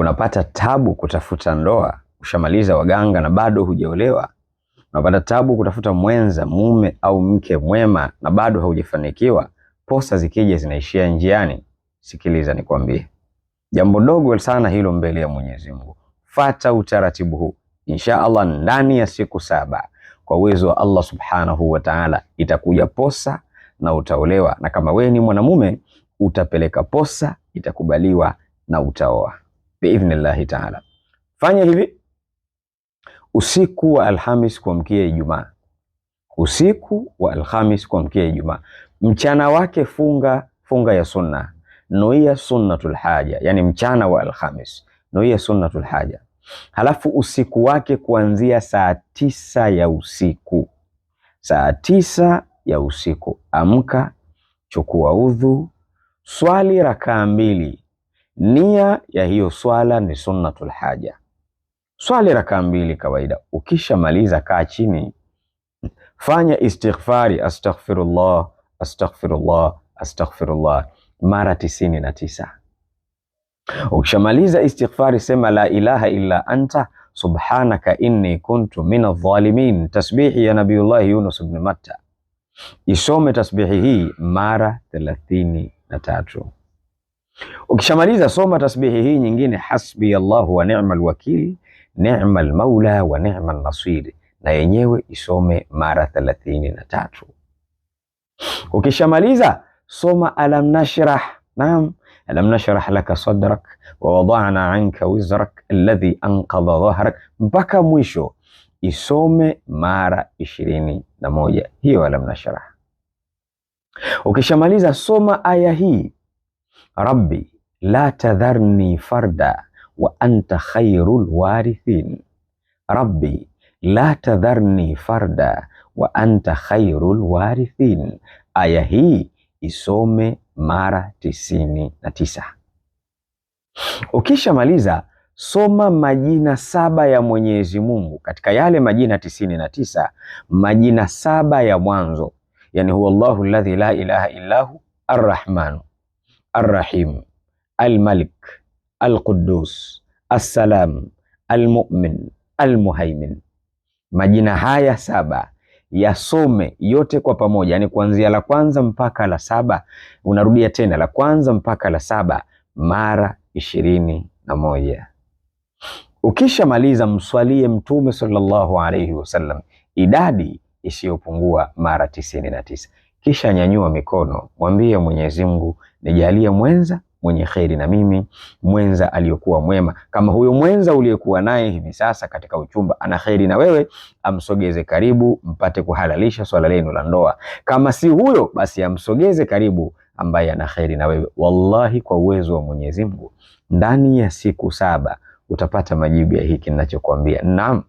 unapata tabu kutafuta ndoa, ushamaliza waganga na bado hujaolewa. Unapata tabu kutafuta mwenza, mume au mke mwema na bado haujafanikiwa. Posa zikija zinaishia njiani. Sikiliza nikwambie, jambo dogo sana hilo mbele ya Mwenyezi Mungu. Fata utaratibu huu, insha Allah, ndani ya siku saba kwa uwezo wa Allah subhanahu wa ta'ala, itakuja posa na utaolewa. Na kama wewe ni mwanamume, utapeleka posa, itakubaliwa na utaoa biidhnillahi taala. Fanya hivi usiku wa Alhamis kuamkia Ijumaa, usiku wa Alhamis kuamkia Ijumaa, mchana wake funga funga ya sunna, nuia sunnatul haja, yani mchana wa Alhamis nuia sunnatul haja, halafu usiku wake kuanzia saa tisa ya usiku, saa tisa ya usiku, amka, chukua udhu, swali rakaa mbili Nia ya hiyo swala ni sunnatul haja. Swali rakaa mbili kawaida. Ukishamaliza kaa chini, fanya istighfari, astaghfirullah, astaghfirullah, astaghfirullah mara tisini na tisa. Ukishamaliza istighfari, sema la ilaha illa anta subhanaka inni kuntu min dhalimin, tasbihi ya Nabiyullah Yunus ibn Matta. Isome tasbihi hii mara thelathini na tatu. Ukishamaliza soma tasbihi hii nyingine, hasbi Allahu wa ni'mal wakili ni'mal maula wa ni'mal nasiri, na yenyewe isome mara thelathini na tatu. Ukishamaliza soma alam nashrah, naam, alam nashrah laka sadrak wa wada'na anka wizrak alladhi anqadha dhahrak, mpaka mwisho isome mara ishirini na moja hiyo alam nashrah. Ukishamaliza soma aya hii rabbi la tadharni farda wa anta khairul warithin, rabbi la tadharni farda wa anta khairul warithin. Aya hii isome mara tisini na tisa. Ukishamaliza soma majina saba ya Mwenyezi Mungu katika yale majina tisini na tisa, majina saba ya mwanzo, yani huwa Allahu alladhi la ilaha illahu arrahmanu Arrahim, Almalik, alqudus Assalam, Almumin, Almuhaimin. Majina haya saba yasome yote kwa pamoja, yani kuanzia la kwanza mpaka la saba. Unarudia tena la kwanza mpaka la saba mara ishirini na moja. Ukishamaliza mswalie Mtume sallallahu alaihi wasallam idadi isiyopungua mara tisini na tisa. Kisha nyanyua mikono, mwambie Mwenyezi Mungu, nijalie mwenza mwenye kheri na mimi, mwenza aliyokuwa mwema kama huyo mwenza uliyekuwa naye hivi sasa katika uchumba ana kheri na wewe, amsogeze karibu mpate kuhalalisha swala lenu la ndoa. Kama si huyo, basi amsogeze karibu ambaye ana kheri na wewe. Wallahi, kwa uwezo wa Mwenyezi Mungu, ndani ya siku saba utapata majibu ya hiki ninachokuambia. Naam,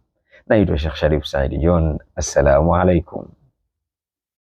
naitwa Sheikh Sharif Said John, assalamu alaikum.